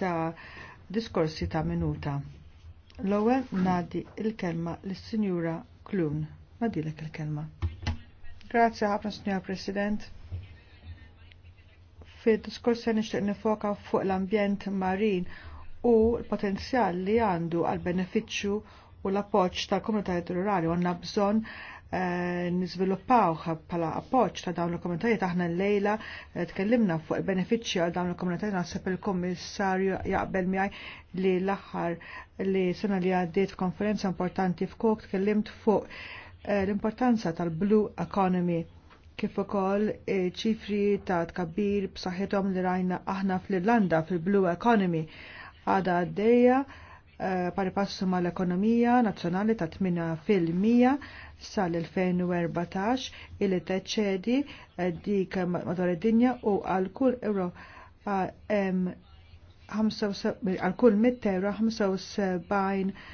ta' diskorsi ta' minuta. L-ewwel nadi l kelma lis-Sinjura Klun. N'għadilek il-kelma. Grazie ħafna Sinjura President. Fid-diskors se nixtieq nifoka fuq l-ambjent marin u l-potenzjal li għandu għal benefiċċju u l-appoġġ tal-komunitajiet rurali għandna bżonn Eh, nizviluppaw bħala appoġġ ta' dawn il-komunitajiet aħna l-lejla eh, tkellimna fuq il-benefiċċji għal dawn il-komunitajiet naħseb il-Kummissarju jaqbel miegħi li l-aħħar li sena li għaddiet konferenza importanti f'Kok tkellimt fuq eh, l-importanza tal-blue economy kif ukoll ċifri ta' tkabbir b'saħħithom li rajna aħna fl-Irlanda fil-Blue Economy għada għaddejja Eh, pari passu mal ekonomija nazzjonali ta' 8% sal-2014 illi teċċedi eh, dik madwar id-dinja u għal kull euro eh, għal kull mitt euro 75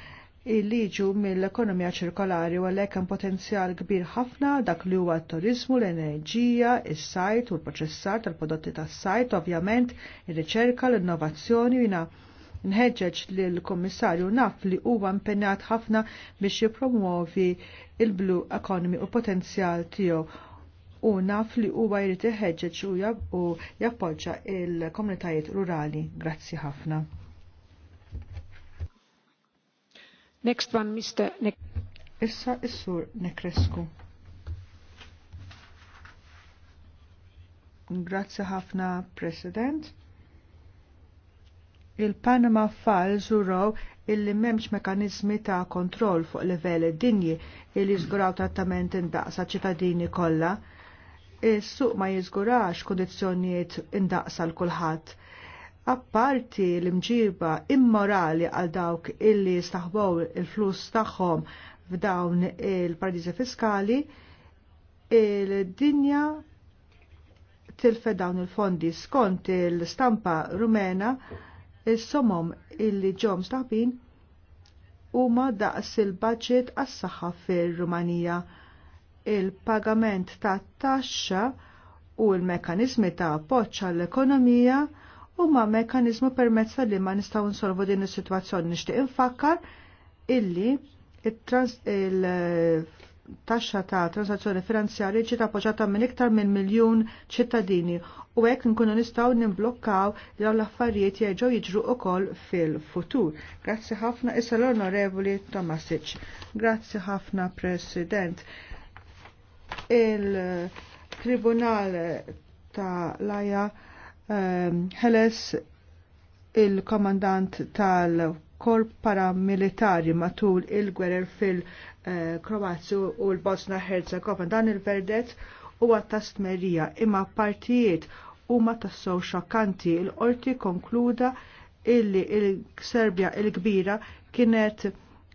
il-liġu mill-ekonomija ċirkolari u għalhekk hemm potenzjal kbir ħafna dak li huwa t-turizmu, l-enerġija, is-sajt u l-proċessar tal-prodotti tas-sajt, ovvjament ir-riċerka, l-innovazzjoni u nħeġġeġ lill komissarju naf li huwa impenjat ħafna biex jippromuovi il-blue economy u potenzjal tiegħu u naf li huwa jrid iħeġġeġ u jappoġġa il-komunitajiet rurali. Grazzi ħafna. Next one, Mr. Ne Issa Issur sur Nekresku. Grazzi ħafna, President il-Panama Files uraw illi memx mekanizmi ta' kontroll fuq livell dinji illi jżguraw trattament indaqsa ċittadini kollha. Is-suq ma jiżgurax kundizzjonijiet indaqsa l kulħadd. Apparti l-imġiba immorali għal dawk illi staħbow il-flus tagħhom f'dawn il-paradiżi fiskali, il-dinja tilfed dawn il-fondi skont il-stampa rumena il-somom illi ġom staħbin huma daqs il-budget għas-saħħa fir-Rumanija. Il-pagament ta' taxxa u l-mekanizmi ta' appoġġ għall-ekonomija huma mekanizmu permezz li ma nistgħu nsolvu din is-sitwazzjoni nixtieq infakkar illi il taxxa ta' transazzjoni finanzjarji ġiet appoġġjata minn iktar minn miljun ċittadini u hekk nkunu nistgħu nimblokkaw dawn l-affarijiet jerġgħu jiġru wkoll fil-futur. Grazzi ħafna issa l-Onorevoli Tomasic. Grazzi ħafna President. Il-Tribunal ta' Laja ehm, ħeles il-komandant tal-korp paramilitari matul il-gwerer fil- Eh, Kroazju u l-Bosna Herzegovina. Dan il-verdet huwa ta' stmerija imma partijiet huma tassew xokkanti. Il-qorti konkluda illi il-Serbja il-kbira kienet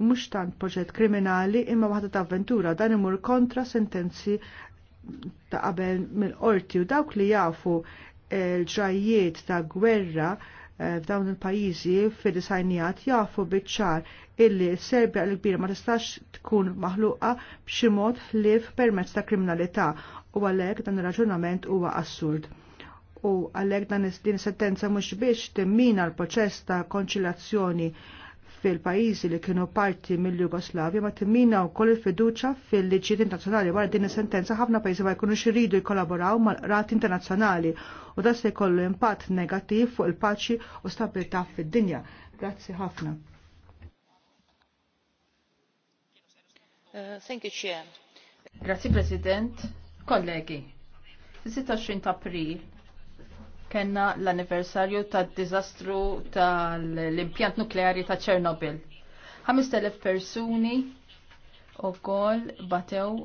mhux tant proġett kriminali imma waħda ta' avventura dan imur kontra sentenzi ta' qabel mill-qorti u dawk li jafu l-ġrajiet ta' gwerra Eh, f'dawn il-pajjiżi fid-disajnijat jafu biċ-ċar illi Serbia l-kbira ma tistax tkun maħluqa b'xi mod ħlief permezz ta' kriminalità u għalhekk dan ir-raġunament huwa assurd. U għalhekk dan din sentenza mhux biex timmina l-proċess ta' konċilazzjoni fil-pajizi li kienu parti mill-Jugoslavja ma timmina u koll il-fiduċa fil-liġiet internazzjonali wara din is-sentenza ħafna pajjiżi ma jkunux iridu jkollaboraw mal-qrat internazzjonali u da se jkollu impatt negattiv fuq il-paċi u stabilità fid-dinja. Grazzi ħafna. Uh, thank you, Grazzi President, kollegi. 26 ta' april kena l-anniversarju tad dizastru tal-impjant nukleari ta' Ċernobil. 5.000 persuni u kol batew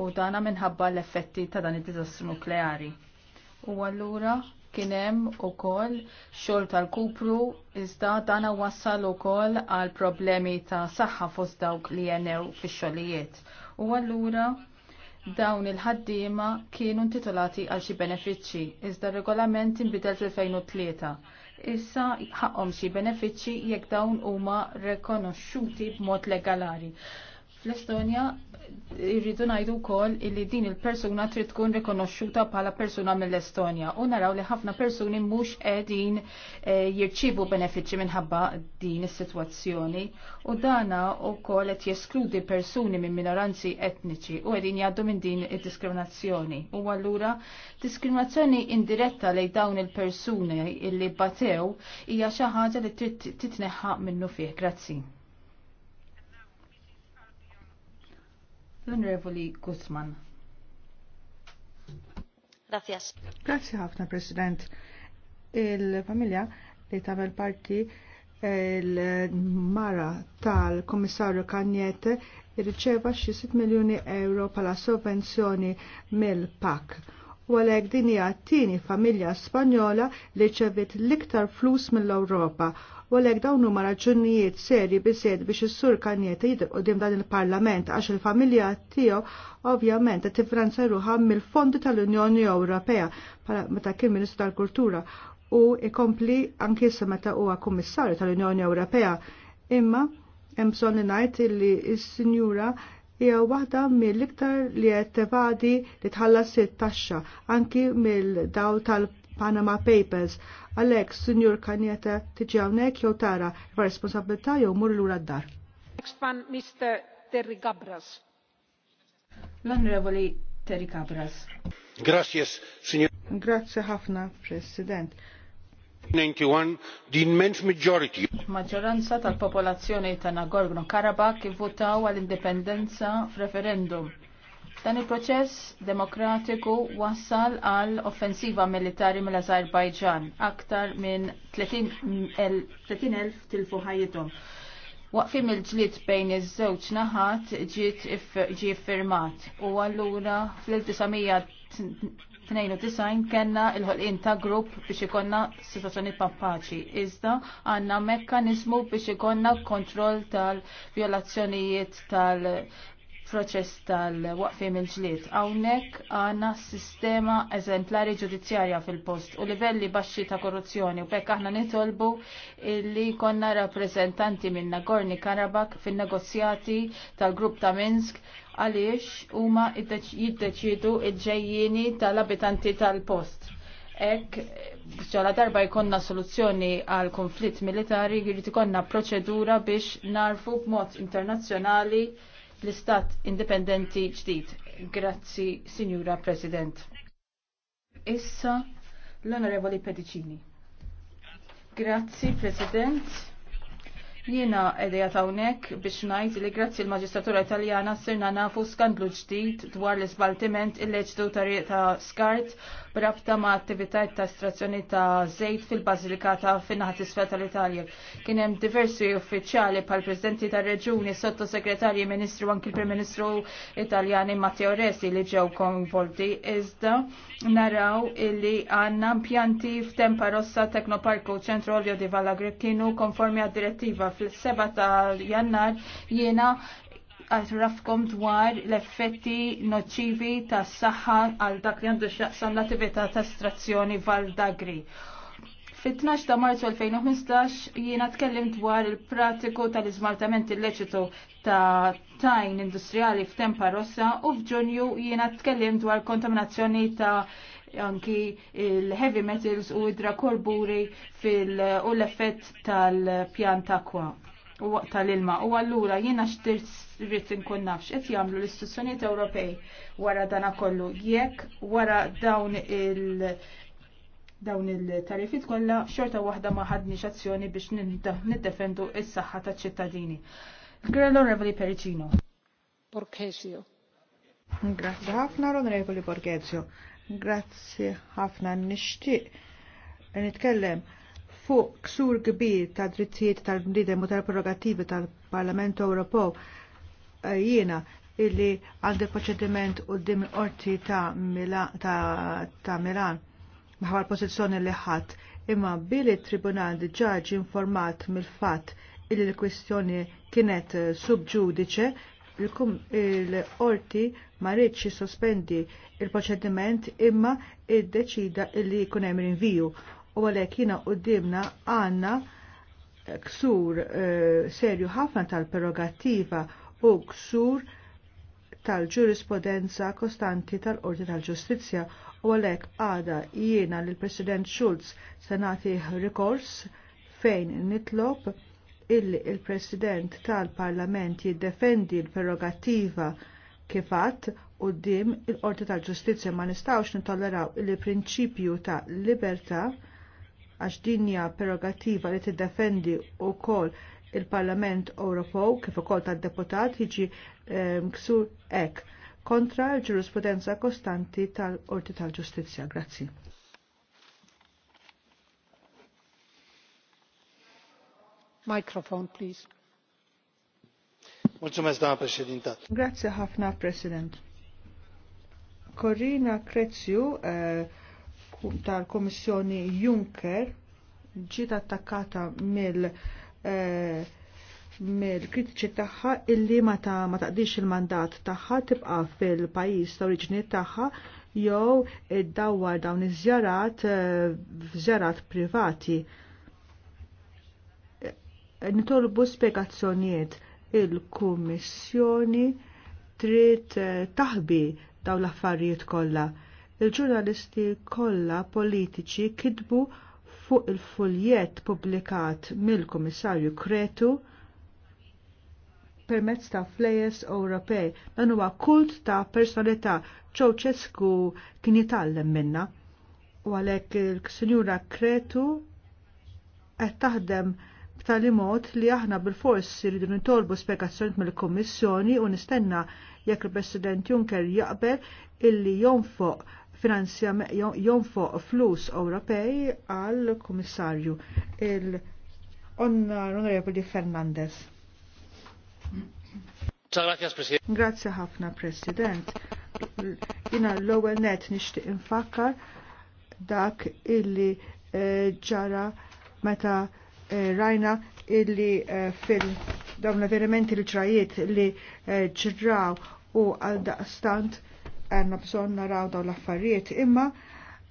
u dana minħabba l-effetti ta' dan id-dizastru nukleari. U għallura kienem u kol xol tal-kupru iżda dana wassal u kol għal problemi ta' saħħa fost dawk li jenew fi xolijiet. U għallura dawn il-ħaddiema kienu intitolati għal xi benefiċċji iżda regolament inbidel fil-2003. Issa ħaqhom xi benefiċċji jekk dawn huma rekonoxxuti b'mod legalari. Fl-Estonja irridu ngħidu wkoll illi din il-persuna trid tkun rikonoxxuta bħala persuna mill-Estonja u naraw li ħafna persuni mhux qegħdin eh, jirċivu benefiċċji minħabba din is-sitwazzjoni u dana wkoll qed jeskludi persuni minn minoranzi etniċi u qegħdin jgħaddu minn din id-diskriminazzjoni. U allura diskriminazzjoni indiretta lejn dawn il-persuni illi batew hija xi ħaġa li trid titneħħaq minnu fih. Grazzi. l-Onorevoli Guzman. Grazie. Grazie ħafna, President. Il-familja li tagħmel parti il-mara tal-Komissarju Kanjete irriċeva xi 6 miljuni euro pala sovvenzjoni mill-PAK. U għalhekk din hija t-tieni familja Spanjola li ċevit l-iktar flus mill-Ewropa u għalhekk dawn huma raġunijiet serji bisied biex is-sur Kanjeta jidher qudiem dan il-Parlament għax il-familja tiegħu ovvjament qed tifranza ruħha mill-fondi tal-Unjoni Ewropea pala meta kien Ministru tal-Kultura u ikompli anke issa meta huwa Kummissarju tal-Unjoni Ewropea. Imma hemm bżonn li ngħid li s-sinjura hija waħda mill-iktar li qed tevadi li tħallas it-taxxa anki mill-dawl tal Panama Papers. Alex, Sr. Kanieta, tiġi hawnhekk jew tara va responsabilità jew mur lura d-dar. Next one, Mr. Terry Gabras. L-Onorevoli Terry Gabras. Grazie, Sr. Grazie ħafna, President. 91 din men's majority. Maġġoranza tal-popolazzjoni ta' Nagorno-Karabakh ivvutaw għall-indipendenza f'referendum Dan il-proċess demokratiku wassal għal offensiva militari mill-Azerbajġan, aktar minn 30.000 tilfu ħajjithom. Waqfim il-ġlit bejn iż-żewġ naħat ġiet ġi firmat u allura fl-1992 kellna il-ħolqien ta' grupp biex ikonna situazzjoni ta' paċi. Iżda għandna mekkaniżmu biex ikonna kontroll tal-vjolazzjonijiet tal-, -vjolazzjonijiet tal proċess tal-waqfim il-ġlied. Hawnhekk għandna sistema eżemplari ġudizzjarja fil-post u livelli baxxi ta' korruzzjoni u bekk aħna nitolbu li konna rappreżentanti minn Nagorni Karabak fin-negozjati tal-grupp ta' Minsk għaliex huma jiddeċidu il ġejjini tal-abitanti tal-post. Ek, ġala darba jkonna soluzzjoni għal konflitt militari, jirrit ikonna proċedura biex narfu b'mod internazzjonali l-istat indipendenti ġdid. Grazzi, Signora President. Issa, l-Onorevoli Pedicini. Grazzi, President. Jiena edja tawnek biex najt li grazzi l-Maġistratura Italjana sirna nafu skandlu ġdid dwar l-isbaltiment illeġdu ta' skart b'rabta ma' attivitajt ta' Strazzjoni ta' zejt fil-Bazilikata fin-naħat isfeta tal-Italja. Kien hemm diversi uffiċjali pal prezidenti tar reġuni sottosegretarji, ministru anki l-Prim-Ministru Italjani Matteo Resi li ġew konvolti iżda naraw illi għandna impjanti f'Tempa Rossa Teknoparku ċentru Olio di Vallagrek kienu konformi għad-direttiva fil-7 ta' jannar jiena għatrafkom dwar l-effetti noċivi ta' s-saxħa għal dak li għandu xaqsam l-attività ta' Strazzjoni Valdagri. Fit-12 ta' Marzu 2015 jiena tkellim dwar il-pratiku tal-izmaltament illeċitu ta' tajn industrijali f'Tempa Rossa u f'Ġunju jiena tkellim dwar kontaminazzjoni ta' anki il-heavy metals u korburi fil- u l-effett tal-pjan takwa u tal-ilma. U allura jiena xtirt nkun nafx qed jagħmlu l-istituzzjonijiet Ewropej wara dana kollu jekk wara dawn il- dawn il-tarifit kollha xorta waħda ma ħadniex azzjoni biex niddefendu is-saħħa taċ-ċittadini. Grello Revoli Pericino. Borghesio. Grazie ħafna, Onorevoli Borghezio. Grazzi ħafna nixtieq nitkellem fuq ksur kbir ta' drittijiet tal bnidem u tal-prerogativi tal-Parlament Ewropew eh, jiena illi għandi proċediment u dim orti ta' Milan, ta, ta Milan maħwar pozizjoni li ħadd imma billi tribunal ġaġ informat mill-fatt illi l-kwistjoni kienet eh, subġudice il qorti ma rridx sospendi il-proċediment imma id-deċida illi jkun hemm rinviju u għalhekk jiena qudiemna għandna ksur eh, serju ħafna tal-prerogattiva u ksur tal-ġurisprudenza kostanti tal-Qorti tal-Ġustizzja u għalhekk għada jiena lill president Schulz se nagħti rikors fejn nitlob illi il-President tal-Parlament jiddefendi l-prerogattiva kifat u dim il-Qorti tal-Ġustizja ma nistawx nitolleraw il-prinċipju ta' libertà għax dinja prerogativa li tiddefendi u kol il-Parlament Ewropew kif ukoll tad-deputat jiġi ehm, ksur ek kontra l-ġurisprudenza kostanti tal-Qorti tal-Ġustizzja. Grazzi. ħafna president corina Creziu, tal-Komissjoni eh, Juncker ġiet attakkata mill eh, mill-kritiċi tagħha illi ma ta' ma taqdix il-mandat tagħha tibqa' fil-pajjiż ta' oriġini tagħha jew iddawwar dawn iż-żjarat f'żjarat eh, privati nitolbu spiegazzjonijiet il-Kummissjoni trid eh, taħbi daw l-affarijiet kollha. Il-ġurnalisti kollha politiċi kidbu fuq il-fuljett pubblikat mill-Kummissarju Kretu permezz ta' flejes Ewropej. Dan huwa kult ta' personalità ċoċesku kien jitgħallem minna. U għalhekk il-Sinjura Kretu qed taħdem tali mod li aħna bil-fors irridu nitolbu spiegazzjoni mill-Kommissjoni u nistenna jekk il-President Juncker jaqbel illi jonfoq jonfoq flus Ewropej għal komissarju il-Onorevoli Fernandez. Grazie ħafna, President. Jina l-ewwel net nixtieq infakkar dak illi eh, ġara meta Eh, rajna illi eh, fil dawn l-avvenimenti li ċrajiet eh, li ċirraw u għal daqstant għanna bżon naraw daw l-affarijiet imma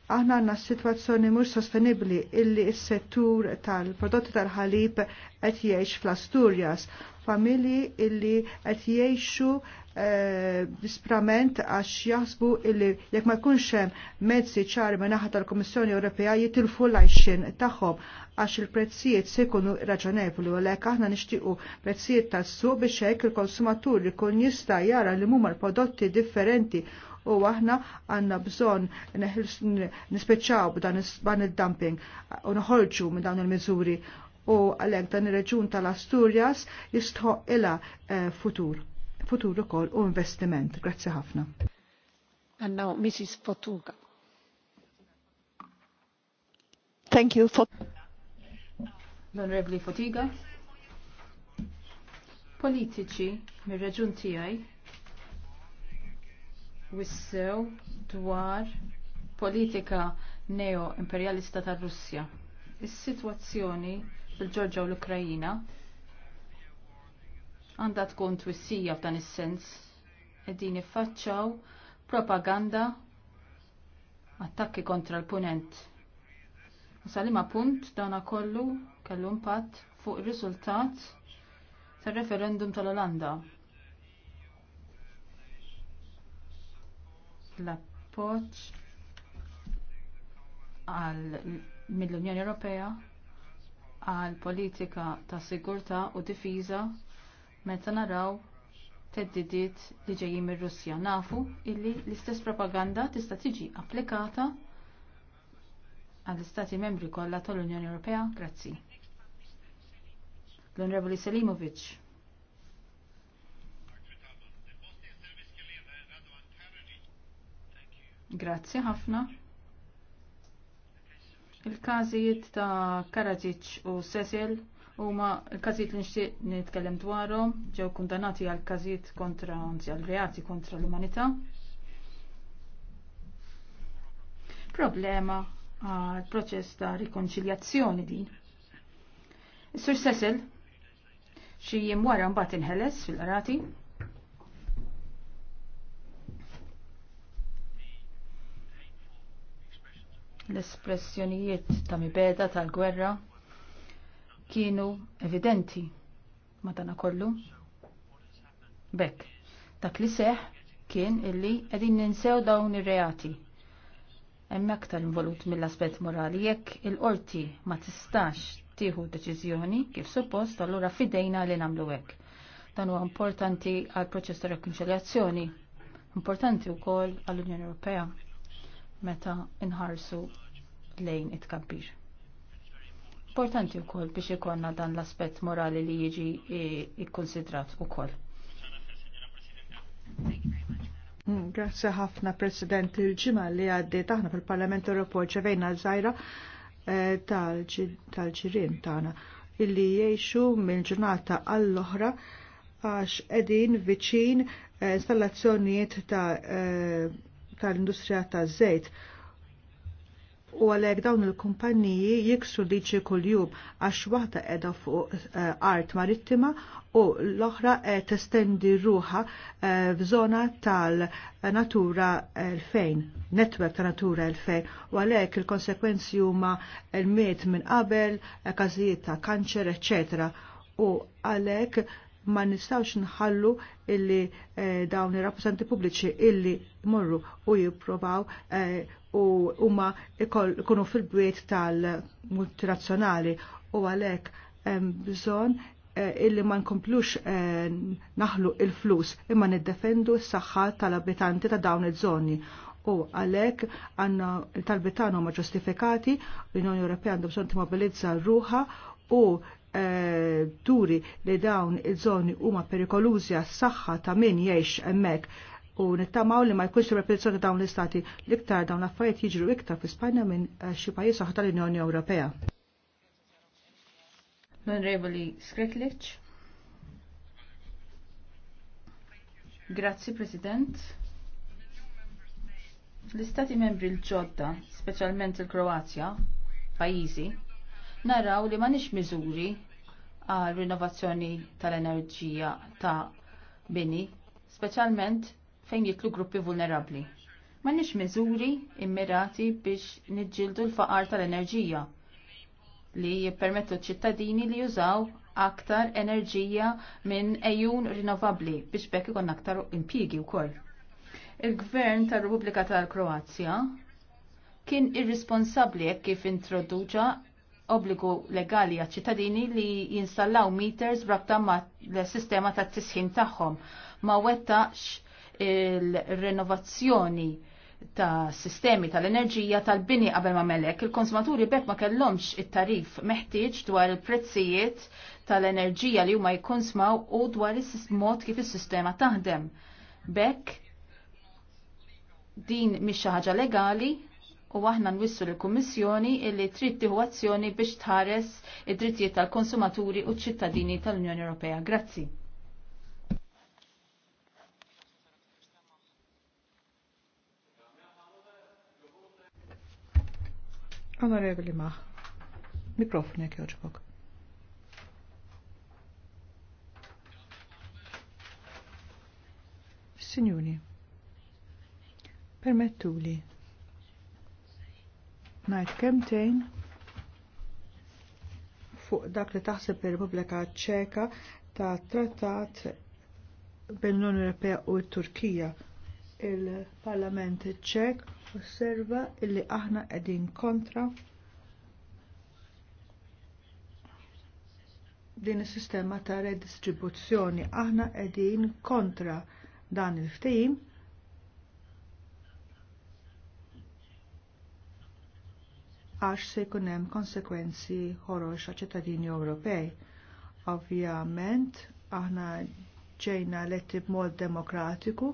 aħna għanna situazzjoni mhux sostenibbli illi s-settur tal-prodotti tal-ħalib qed jgħix fl-Asturjas, familji illi qed jgħixu eh, disprament għax jaħsbu illi jekk ma jkunx hemm mezzi ċari minn naħa tal-Kummissjoni Ewropea jitilfu l-għajxin tagħhom għax il-prezzijiet se jkunu raġonevoli u lek aħna nixtiequ prezzijiet tas-suq biex hekk il-konsumatur jkun jista' jara li huma l-prodotti differenti u aħna għanna bżon nispeċaw b'dan id-dumping u noħolġu minn dawn il-miżuri u għalek dan ir-reġun tal-Asturjas jistħoq ila eh, futur. Futur ukoll u investiment. Grazzi ħafna. And now Mrs. Fotuga. Thank you for... l Fotiga politiċi mir-reġun tiegħi wissew dwar politika neo-imperialista tar Russja. Is-sitwazzjoni fil-Ġorġa u l-Ukrajina għandha tkun twissija f'dan is-sens qegħdin iffaċċaw propaganda attakki kontra l-punent. U salima punt dana kollu kellu impatt fuq ir-riżultat tar-referendum tal-Olanda l-appoġġ mill-Unjoni Ewropea għal politika ta' sigurtà u difiża meta naraw teddidiet li ġejjin mir-Russja. Nafu illi l-istess propaganda tista' tiġi applikata għall-Istati membri kollha tal-Unjoni Ewropea. Grazzi. L-Onorevoli Selimovic. Grazzi ħafna. Il-każijiet ta' Karadzic u Cecil huma l-każijiet li nixtieq nitkellem dwarhom ġew kundanati għal każijiet kontra anzi għal reati kontra l-umanità. Problema għal proċess ta' rikonċiljazzjoni din. Is-Sur Cecil xi jiem wara mbagħad inħeles fil-qrati l-espressjonijiet ta' mibeda tal-gwerra kienu evidenti madana kollu. Bekk, dak li seħ kien illi edin ninsew dawn ir-reati. Hemm aktar involut mill-aspett morali jekk il-qorti ma tistax tieħu deċiżjoni kif suppost allura fidejna li nagħmlu hekk. Dan huwa importanti għal proċess ta' rekonċiljazzjoni, importanti wkoll għall-Unjoni Ewropea meta inħarsu lejn it-kabbir. Importanti wkoll biex ikonna dan l-aspett morali li jiġi eh, ikkonsidrat ukoll. Grazie ħafna President il-ġimgħa li għaddiet aħna fil-Parlament Ewropew ġevejna zajra eh, tal-ġirien tagħna illi jgħixu mill-ġurnata għall-oħra għax edin viċin eh, installazzjonijiet ta' tal-industrija taż-żejt u għalek dawn il-kumpanniji jiksu liċi kull-jum għax waħda edha fuq eh, art marittima u l-oħra testendi ruħa eh, f'żona tal-Natura 2000, netwerk ta' Natura 2000, u għalek il-konsekwenzi huma l-miet minn qabel, eh, każijiet ta' kanċer, eccetera. U għalek ma nistawx nħallu illi eh, dawn ir-rappresentanti pubbliċi illi morru u jipprovaw eh, u huma ikunu fil-bwiet tal-multinazzjonali u għalhekk hemm bżonn eh, illi ma nkomplux eh, naħlu il-flus imma niddefendu s-saħħa tal-abitanti ta' dawn iż-żoni u għalek għanna il-talbitano ma ġustifikati l-Unjoni Ewropea għandu bżon timobilizza ruħa u turi eh, li dawn iż-żoni huma perikolużi għas-saħħa ta' min jgħix hemmhekk u nittamaw li ma jkunx repressjoni dawn l-istati liktar iktar dawn l-affarijiet jiġru iktar fi Spanja minn eh, xi pajjiż oħra tal-Unjoni Ewropea. Onorevoli Skretlich. Grazzi President. L-Istati membri l-ġodda, speċjalment il-Kroazja, pajjiżi, naraw li m'għandix miżuri għal rinnovazzjoni tal-enerġija ta' bini, speċjalment fejn jitlu gruppi vulnerabbli. M'għandix miżuri immirati biex niġġieldu l-faqar tal-enerġija li jippermettu ċittadini li jużaw aktar enerġija minn ejjun rinnovabbli biex bekk ikon aktar impjiegi wkoll. Il-Gvern tar-Repubblika tal-Kroazja kien irresponsabbli jekk kif introduċa obbligu legali għat ċittadini li jinstallaw meters brabta ma l-sistema ta' tisħin tagħhom ma wettax il-renovazzjoni ta' sistemi tal-enerġija tal-bini qabel ma melek. Il-konsumaturi bekk ma kellhomx it-tarif meħtieġ dwar il-prezzijiet tal-enerġija li huma jkonsmaw u dwar is-mod kif is-sistema taħdem. Bekk din mhix xi ħaġa legali u aħna nwissu l-Kummissjoni illi trid tieħu azzjoni biex tħares id-drittijiet tal-konsumaturi u ċ-ċittadini tal-Unjoni Ewropea. Grazzi. Onorevoli Mah, mikrofoni jek joġbok. Signori, permettuli Najt kemtejn fuq dak li taħseb ir-Repubblika Ċeka ta' trattat bejn l-Unjoni Ewropea u t-Turkija. Il-Parlament Ċek osserva illi aħna qegħdin kontra din is-sistema ta' redistribuzzjoni. Aħna qegħdin kontra dan il-ftehim għax se jkun hemm konsekwenzi ħorox għal ċittadini Ewropej. Ovvjament aħna ġejna letti b'mod demokratiku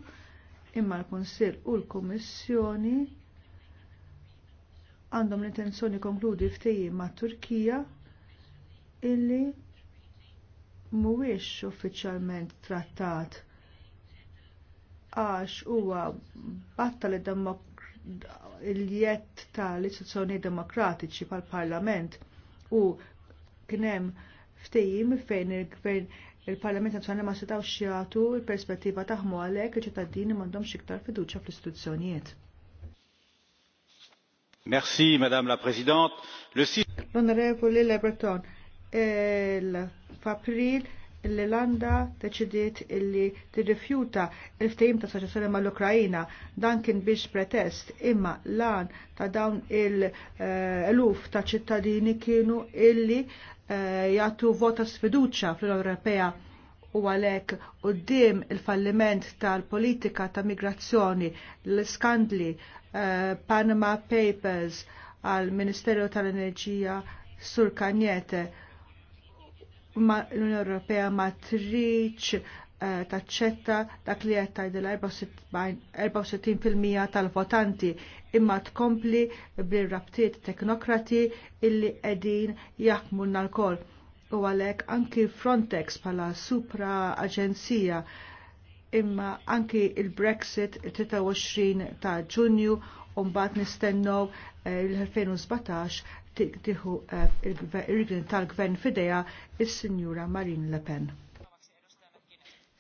imma l-Kunsill u l-Kummissjoni għandhom l-intenzjoni konkludi ftejjin ma' Turkija illi mhuwiex uffiċjalment trattat għax huwa batta li demok il-jett tal-istituzzjoni demokratiċi pal-parlament u kienem ftejim fejn il-gvern il-parlament nazjonali ma setaw jagħtu l perspettiva taħmu għalhekk il-ċittadini m'għandhomx iktar fiduċja fl-istituzzjonijiet. Merci, Madame la Présidente. L'onorevole Le Breton, il-Fapril l-Irlanda deċidiet illi tirrifjuta il-ftehim ta' soċjazzjoni mal-Ukrajina dan kien biex pretest imma lan ta' dawn il-eluf ta' ċittadini kienu illi eh, jagħtu vota sfiduċa fl-Unjoni Ewropea u għalek u il-falliment tal-politika ta' migrazzjoni, l-skandli, eh, Panama Papers, għal Ministeru tal-Enerġija, Sur Kanjete, l-Unjoni Ewropea ma triċ eh, taċċetta dak li qed tgħid l-64% tal-votanti imma tkompli bir-rabtiet teknokrati illi qegħdin jaħmulna l-kol. U għalhekk anki Frontex bħala supra aġenzija imma anki il-Brexit 23 ta' Ġunju u mbagħad nistennew eh, l-2017 tiħu eh, il-gvern tal-gvern fideja is-Sinjura Marine Le Pen.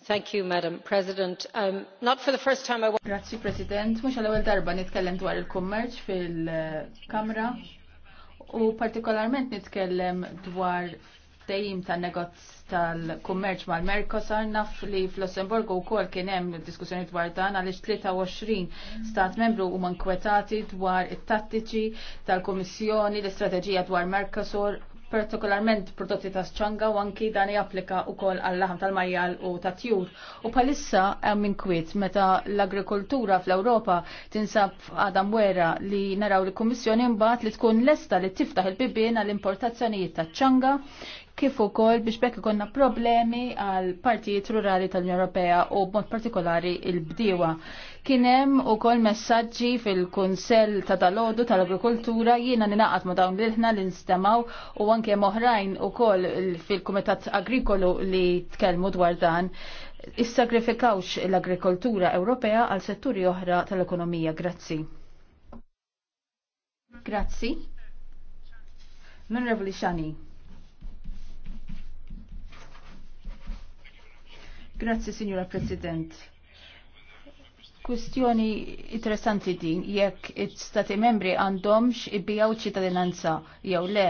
Thank You, madam president um, not for the first time i Grazie President, mhux għal ewwel darba nitkellem dwar il-kummerċ fil-Kamra u partikolarment nitkellem dwar tejjim ta' negozz tal-kummerċ mal-Merkosar naf li fl-Lussemburgu wkoll kien hemm diskussjoni dwar dan għaliex 23 stat membru huma nkwetati dwar it-tattiċi tal-Kummissjoni l-istrateġija dwar Mercosur partikolarment prodotti ta' sċanga u anki dan japplika u kol għall-laħam tal-majjal u ta' tjur. U palissa hemm inkwiet meta l-agrikoltura fl-Ewropa tinsab għadam wera li naraw li kummissjoni mbagħad li tkun lesta li tiftaħ il-bibien għall-importazzjonijiet ta' ċanga kif ukoll biex bekk ikonna problemi għal partijiet rurali tal-Unjoni Ewropea u b'mod partikolari il-bdiewa. Kien hemm ukoll messaġġi fil-Kunsell ta' Dalodu tal-Agrikoltura jiena ninaqat ma' dawn l-ħna li nistemaw u anke hemm oħrajn ukoll fil-Kumitat Agrikolu li tkellmu dwar dan issagrifikawx l-agrikoltura Ewropea għal setturi oħra tal-ekonomija. Grazzi. Grazzi. Non revolutionary. Grazzi, Signora President. Kustjoni interessanti din, jekk it-stati membri għandhomx ibbijaw ċittadinanza jew le,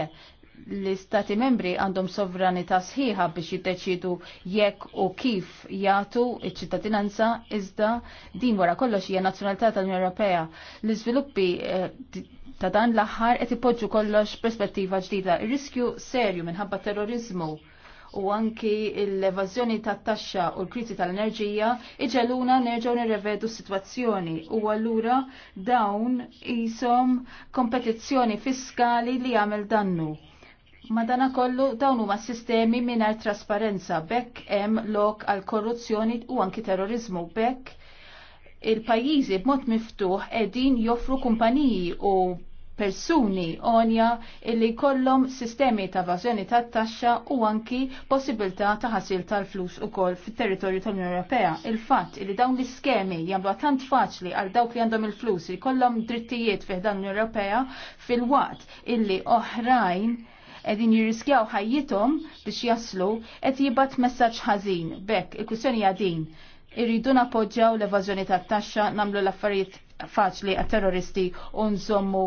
l-istati membri għandhom sovranità sħiħa biex jiddeċidu jekk u kif jagħtu iċ-ċittadinanza iżda din wara kollox hija nazzjonalità tal-Unjoni Ewropea. L-iżviluppi eh, ta' dan l-aħħar qed ipoġġu kollox perspettiva ġdida. Ir-riskju serju minħabba terrorizmu u anki l-evazzjoni tat taxxa u l-krizi tal-enerġija iġeluna nerġgħu nirrevedu s-sitwazzjoni u allura dawn jisom kompetizzjoni fiskali li għamil dannu. dana kollu dawn huma sistemi mingħajr trasparenza bekk hemm lok għal korruzzjoni u anki terrorizmu bekk il-pajjiżi b'mod miftuħ qegħdin joffru kumpaniji u persuni onja illi kollom sistemi ta' vażjoni ta' taxxa u anki possibilità ta' ħasil tal-flus u koll fit-territorju tal-Unjoni Ewropea. Il-fatt illi dawn l-iskemi jagħmlu tant faċli għal dawk li għandhom il-flus li kollom drittijiet fih dan l-Unjoni Ewropea fil-waqt illi oħrajn edin jirriskjaw ħajjithom biex jaslu qed jibat messaġġ ħażin. Bekk, il-kwistjoni hija din irridu napoġġaw l-evażjoni tat-taxxa nagħmlu l-affarijiet faċli għat terroristi unżommu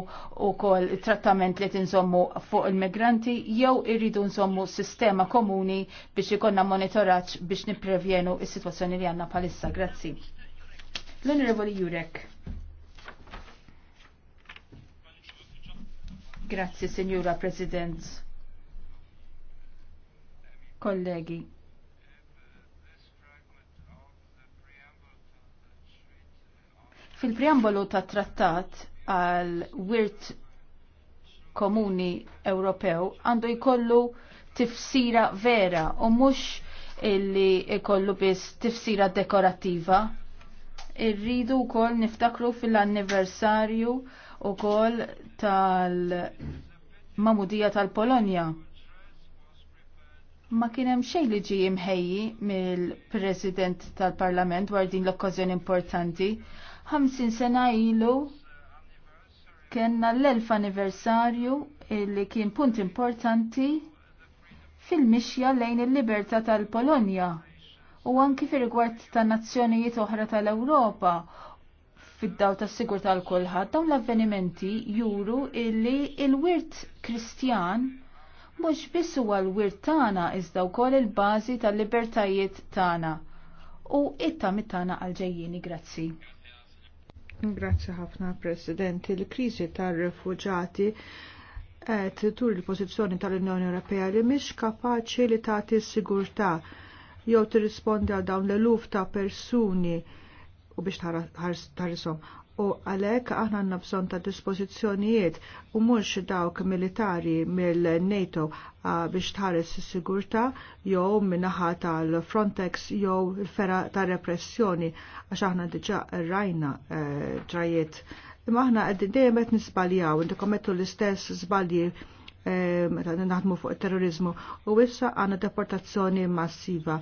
u kol trattament li tinżommu fuq il-migranti jew irridu nżommu sistema komuni biex ikonna monitoraċ biex niprevjenu is situazzjoni li għanna palissa. Grazzi. L-Onorevoli Jurek. Grazzi, Signora President. Kollegi. Fil-preambolu ta' trattat għal wirt komuni Ewropew għandu jkollu tifsira vera u mhux illi jkollu biss tifsira dekorattiva. Irridu wkoll niftakru fil-anniversarju wkoll tal-mamudija tal-Polonja ma kien hemm xejn li ġie imħejji mill-President tal-Parlament dwar din l okkożjoni importanti 50 sena ilu kena l elf anniversarju li kien punt importanti fil-mixja lejn il-libertà tal-Polonja u anki fir rigward ta' nazzjonijiet oħra tal-Ewropa fid-daw ta' sigur tal-kulħadd dawn l-avvenimenti juru illi il-wirt Kristjan mhux biss huwa l-wirt tagħna iżda wkoll il-bażi tal-libertajiet tagħna u it-tamit tagħna għal ġejjini grazzi. Grazzi ħafna President. Il-kriżi tar refugġati qed tur il-pożizzjoni tal-Unjoni Ewropea li mhix kapaċi li tagħti s-sigurtà jew tirrispondi għal dawn l-eluf ta' persuni u biex tarrisom u għalek aħna għanna bżon ta' dispozizjonijiet u mux dawk militari mill-NATO biex tħares s-sigurta jew minnaħa tal-Frontex jew il-fera ta' repressjoni għax aħna diġa rajna ġrajiet. E, Imma aħna dejjem qed nisbaljaw, inti kometu l-istess żbalji e, meta naħdmu fuq terrorizmu u issa għandna deportazzjoni massiva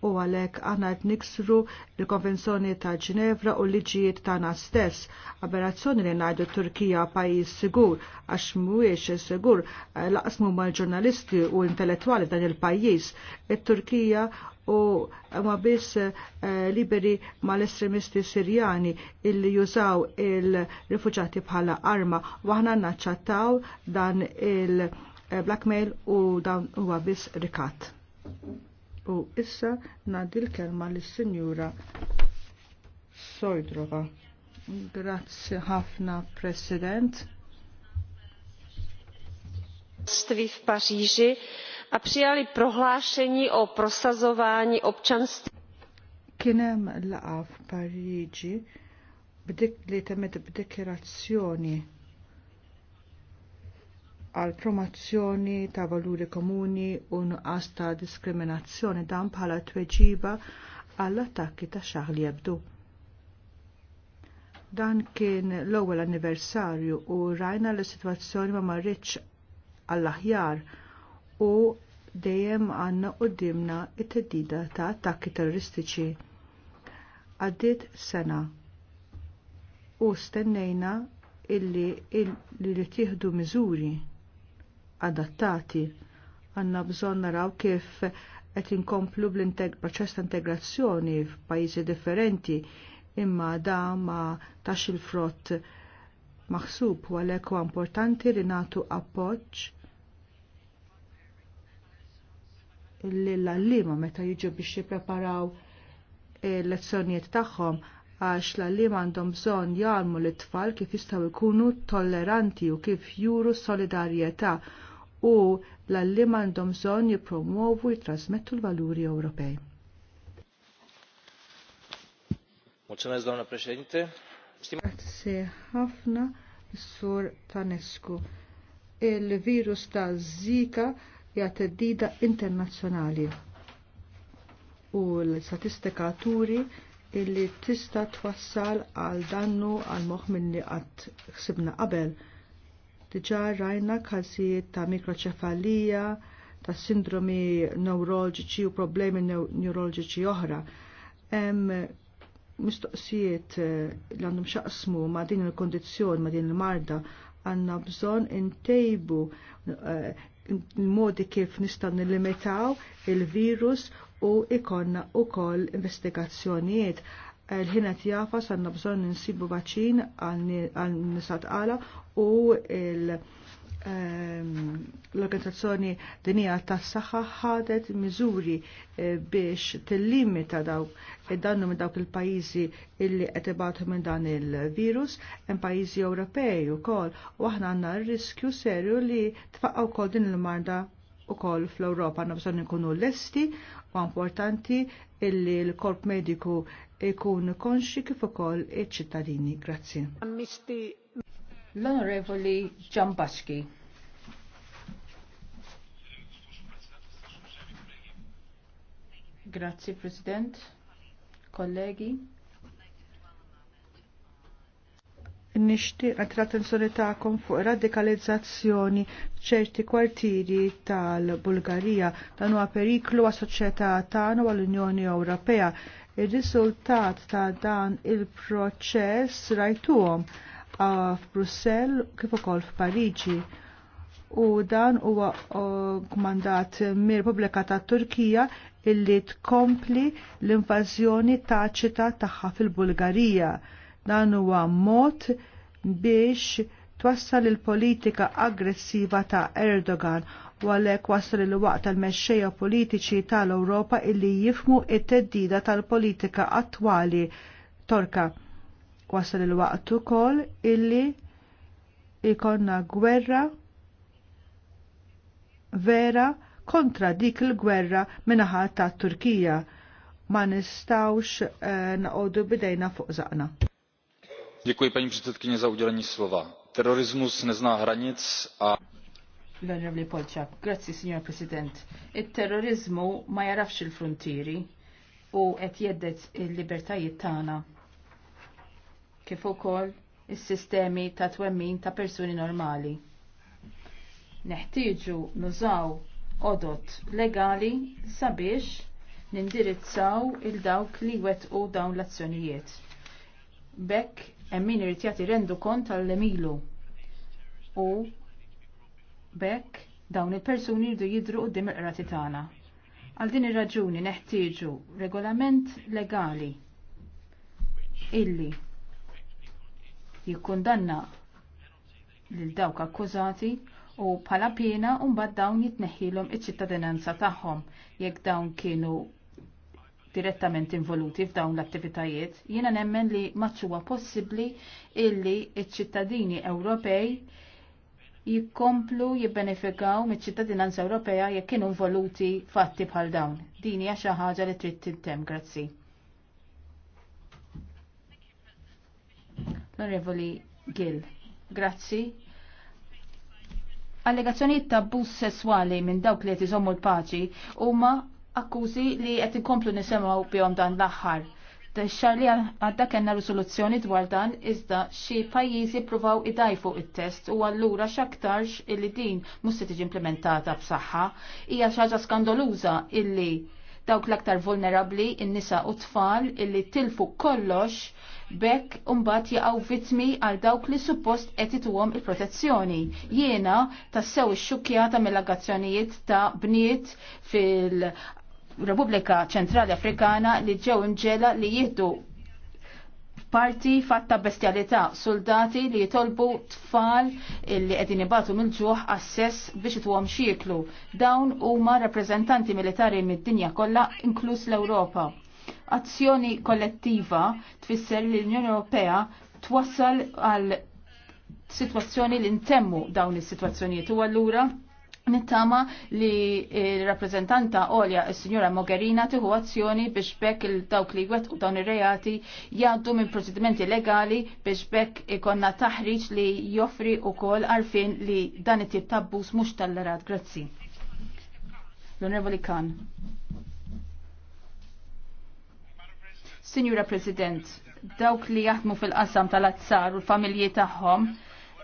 u għalek għana qed niksru l-Konvenzjoni ta' Ġenevra u l-liġijiet tagħna stess. Aberrazzjoni li najdu Turkija pajjiż sigur għax mhuwiex sigur eh, laqsmu mal-ġurnalisti u intellettwali dan il-pajjiż. il turkija u ma biss eh, liberi ma l-estremisti sirjani illi jużaw il-rifuġati bħala arma waħna naċċattaw dan il-blackmail eh, u dan huwa biss rikat. U issa nadi l-kelma l-Sinjura Sojdrova. Grazzi ħafna, President. v Paříži a přijali prohlášení o prosazování občanství. Kienem laqa f'Pariġi b'dik li temet b'dikirazzjoni għal promozzjoni ta' valuri komuni u nuqqas ta' diskriminazzjoni dan bħala tweġiba għall attakki ta' xaħ li jabdu. Dan kien l-ewwel anniversarju u rajna l situazzjoni ma marriċ għall-aħjar u dejjem għanna dimna it-teddida ta' attakki terroristiċi. Għaddit sena u stennejna illi li tieħdu miżuri adattati. Għanna bżon naraw kif qed inkomplu bl-proċess ta' integrazzjoni f'pajjiżi differenti imma da ma tax il-frott maħsub u għalhekk huwa importanti li nagħtu appoġġ l-allima meta jiġu biex jippreparaw lezzjonijiet tagħhom għax l-allima għandhom bżonn jarmu l-tfal kif jistgħu jkunu tolleranti u kif juru solidarjetà u l-alli għandhom bżonn jipromuovu jitrasmettu l-valuri Ewropej. Mulțumesc, doamnă Presidente. Grazie ħafna, Sur Tanescu. Il-virus ta' Zika jgħat dida internazzjonali u l-statistika turi illi tista twassal għal dannu għal moħ minni għat xsibna qabel Diġà rajna każijiet ta' mikroċefalija, ta' sindromi neuroloġiċi u problemi neuroloġiċi oħra. Hemm mistoqsijiet eh, li għandhom xaqsmu ma' din il-kondizzjoni, ma' din il-marda, għandna bżonn intejbu eh, il-modi kif nistgħu nillimitaw il-virus u ikonna wkoll investigazzjonijiet l-ħinet jafa sanna bżon ninsibu vaċin għal nisat għala u ehm, l-Organizzazzjoni Dinija tas saħħa ħadet miżuri eh, biex tillimita daw id-dannu eh, minn dawk il-pajjiżi illi qed ibatu minn dan il-virus, hemm pajjiżi Ewropej ukoll u aħna għandna riskju serju li tfaqgħu wkoll din il-marda wkoll fl-Ewropa għandna bżonn nkunu lesti U importanti illi l-korp mediku ikun konxi kif ukoll iċ-ċittadini. Grazzi. L-Onorevoli Ġambaxki. Grazie President, colleghi, nishtiq għatra attenzjoni ta'kom fuq radikalizzazzjoni ċerti kwartieri tal-Bulgarija dan huwa periklu għas soċjetà tagħna u għall-Unjoni Ewropea. Ir-riżultat ta' dan il-proċess rajtuhom f'Brussell kif ukoll f'Pariġi u dan huwa kmandat mir-Repubblika ta' Turkija illi tkompli l-invażjoni taċita tagħha fil-Bulgarija. Dan huwa mod biex twassal il-politika aggressiva ta' Erdogan u għalhekk wasal il-waqt tal-mexxejja politiċi tal-Ewropa illi jifmu it-teddida tal-politika attwali Torka. Wasal il-waqt ukoll illi ikonna gwerra vera kontra dik il-gwerra minaħat ta' Turkija ma nistawx uh, naqodu bidejna fuq zaqna paní slova. terorismus nezná hranic a. l-onorevoli polczak grazzi signor president it-terrorizmu ma jarafx il-fruntieri u qed jeddet il-libertajiet tagħna kif ukoll il sistemi ta' twemmin ta' persuni normali. Neħtieġu nużaw odot legali sabiex nindirizzaw il-dawk li u dawn l-azzjonijiet. Bekk hemm min irid jagħti rendu kont tal-emilu. U bekk dawn il-persuni jridu jidru qudiem il-qrati tagħna. Għal din ir-raġuni neħtieġu regolament legali illi jikkundanna lil dawk akkużati u bħala pena mbagħad dawn jitneħħilhom iċ-ċittadinanza tagħhom jekk dawn kienu direttament involuti f'dawn l-attivitajiet, jiena nemmen li maċuwa possibbli illi iċ-ċittadini Ewropej jikkomplu jibbenefikaw miċ-ċittadinanza Ewropea jekk kienu involuti fatti bħal dawn. Din hija xi ħaġa li trid tintemm, grazzi. L-Onorevoli Gill, grazzi. Allegazzjonijiet ta' abbuż sesswali minn dawk li qed l-paċi huma akkużi li qed inkomplu nisimgħu bihom dan l-aħħar. Xar li għadda kena risoluzzjoni dwar dan iżda xi pajjiżi provaw idajfu it-test u allura x'aktarx illi din mhux se tiġi implementata b'saħħa hija xi ħaġa skandaluża illi dawk l-aktar vulnerabli, in-nisa u tfal illi tilfu kollox bekk umbat jaqaw vitmi għal dawk li suppost etituhom il-protezzjoni. Jiena tassew ix-xukjata mill-aggazzjonijiet ta' bniet fil Repubblika Ċentrali Afrikana li ġew imġela li jieħdu parti fatta bestjalità, soldati li jitolbu tfal li qegħdin ibatu mill-ġuħ assess biex ituhom xieklu. Dawn huma rappreżentanti militari mid-dinja kollha inkluż l-Ewropa. Azzjoni kollettiva tfisser li l-Unjoni Ewropea twassal għal situazzjoni li ntemmu dawn is-sitwazzjonijiet u allura Nittama li il-rappresentanta Olja, il-Signora Mogherina, tiħu azzjoni biex bekk il-dawk li gwet u dawn ir-reati jgħaddu minn procedimenti legali biex bekk ikonna taħriġ li joffri u kol għarfin li dan it tib tabbus mux tal-lerat. Grazzi. L-Onorevoli Khan. Signora President, dawk li jaħdmu fil-qasam tal-azzar u l-familji tagħhom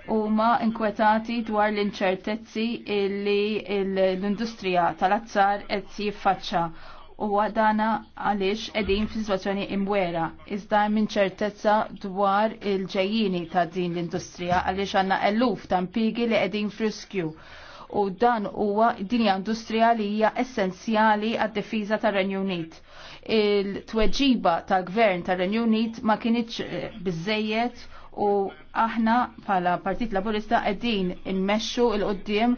huma inkwetati dwar l-inċertezzi li l-industrija tal-azzar qed jiffaċċa u għadana għalix edin fi situazzjoni imwera. Iżda minn ċertezza dwar il-ġejjini ta' din l-industrija għalix għanna eluf ta' impigi li edin friskju. U dan huwa dinja industrija li hija essenzjali għad-difiża tar-Renju Unit. Il-tweġiba tal-gvern tar-Renju Unit ma kienitx eh, biżejjed u aħna pala Partit Laburista qegħdin immexxu il-qudiem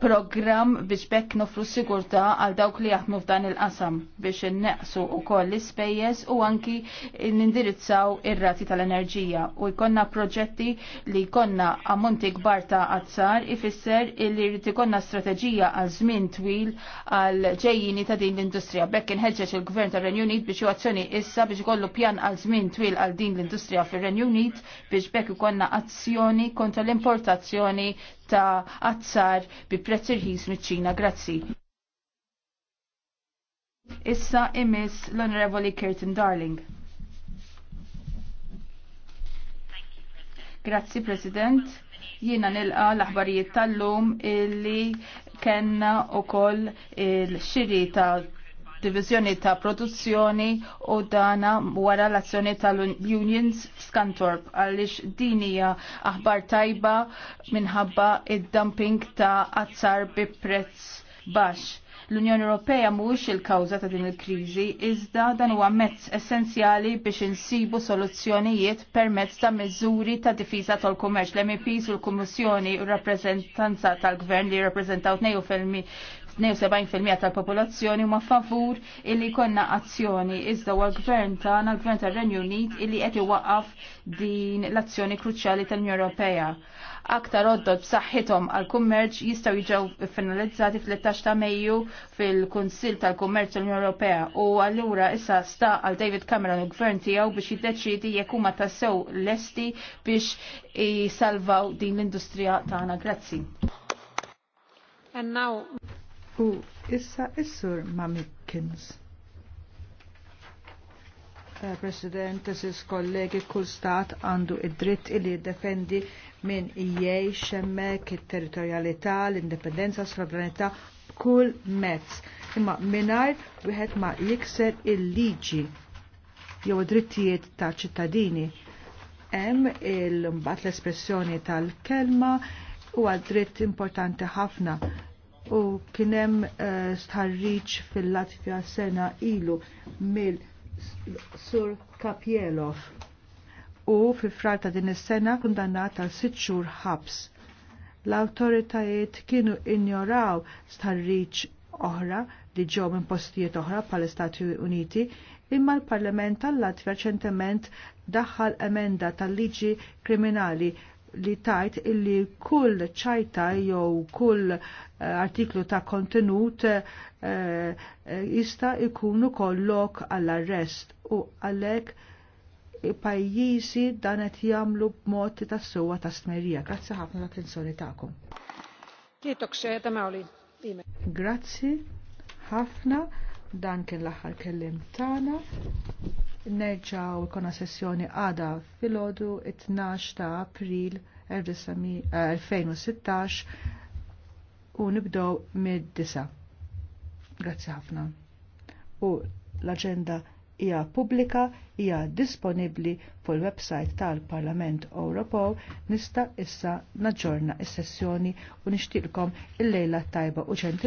program biex bekk nofru sigurta għal dawk li jaħdmu f'dan il-qasam biex innaqsu u koll l-ispejjeż u anki nindirizzaw ir-rati tal-enerġija u jkonna proġetti li jkonna ammonti kbar ta' azzar ifisser illi jrid ikonna strateġija għal żmien twil għal ġejjini ta' din l-industrija. Bekk inħeġġeġ il-Gvern tar renju Unit biex azzjoni issa biex ikollu pjan għal żmien twil għal din l-industrija fir renju Unit biex bekk ikonna azzjoni kontra l-importazzjoni ta' azzar bi prezz irħis miċ-Ċina. Grazzi. Issa imis l-Onorevoli Curtin Darling. Grazzi, President. Jiena nilqa l-aħbarijiet tal-lum illi kenna u koll il-xiri ta' diviżjoni ta' produzzjoni u dana wara l-azzjoni tal-unions Skantorp għaliex din hija aħbar tajba minħabba id-dumping ta' azzar bi prezz baxx. L-Unjoni Ewropea mhuwiex il-kawża ta' din il-kriżi, iżda dan huwa mezz essenzjali biex insibu soluzzjonijiet permezz ta' miżuri ta' difiża tal-kummerċ. L-MPs u l-Kummissjoni u rappreżentanza tal-Gvern li jirrappreżentaw 2 72% tal-popolazzjoni ma favur illi konna azzjoni iżda huwa gvern tagħna gvern tar-Renju Unit illi qed waqaf din l-azzjoni kruċali tal-Unjoni Ewropea. Aktar oddod b'saħħithom għal kummerċ jistgħu jiġu finalizzati fl-13 ta' Mejju fil-Kunsill tal-Kummerċ tal-Unjoni Ewropea u allura issa sta għal David Cameron u gvern tiegħu biex jiddeċidi jekk huma tassew lesti biex jisalvaw din l-industrija tagħna. Grazzi. And now U issa issur Mikkins. Eh, President, sis kollegi, kull stat għandu id-dritt illi jiddefendi minn ijej, xemmek, il-territorialità, l-indipendenza, sovranità, kull mezz. Imma minnaj, wieħed ma jikser il-liġi jew drittijiet ta' ċittadini. Hemm il-mbagħad l-espressjoni tal-kelma huwa dritt importanti ħafna u kienem eh, starriċ fil-Latvija sena ilu mill Sur Kapjelov u fi frata ta' din is-sena kundannat għal sitt xhur ħabs. L-awtoritajiet kienu ignoraw starriċ oħra li ġew minn postijiet oħra bħal istati Uniti imma l-Parlament tal-Latvja ċentement daħħal emenda tal-liġi kriminali li tajt illi kull ċajta jew kull eh, artiklu ta' kontenut eh, eh, jista' e, e, ikunu kollok għall-arrest u għalhekk pajjiżi dan qed jagħmlu b'mod ta' sewwa ta' stmerija. Grazzi ħafna l-attenzjoni tagħkom. Grazzi ħafna dan kien l-aħħar kellim tagħna. Nerġgħu ikona sessjoni għada filgħodu it-12 ta' April 2016 eh, u nibdew mid-disa. Grazzi ħafna. U l-aġenda hija pubblika, hija disponibbli fuq il-website tal-Parlament Ewropew nista' issa naġġorna s-sessjoni u nixtieqkom il-lejla tajba u ċentri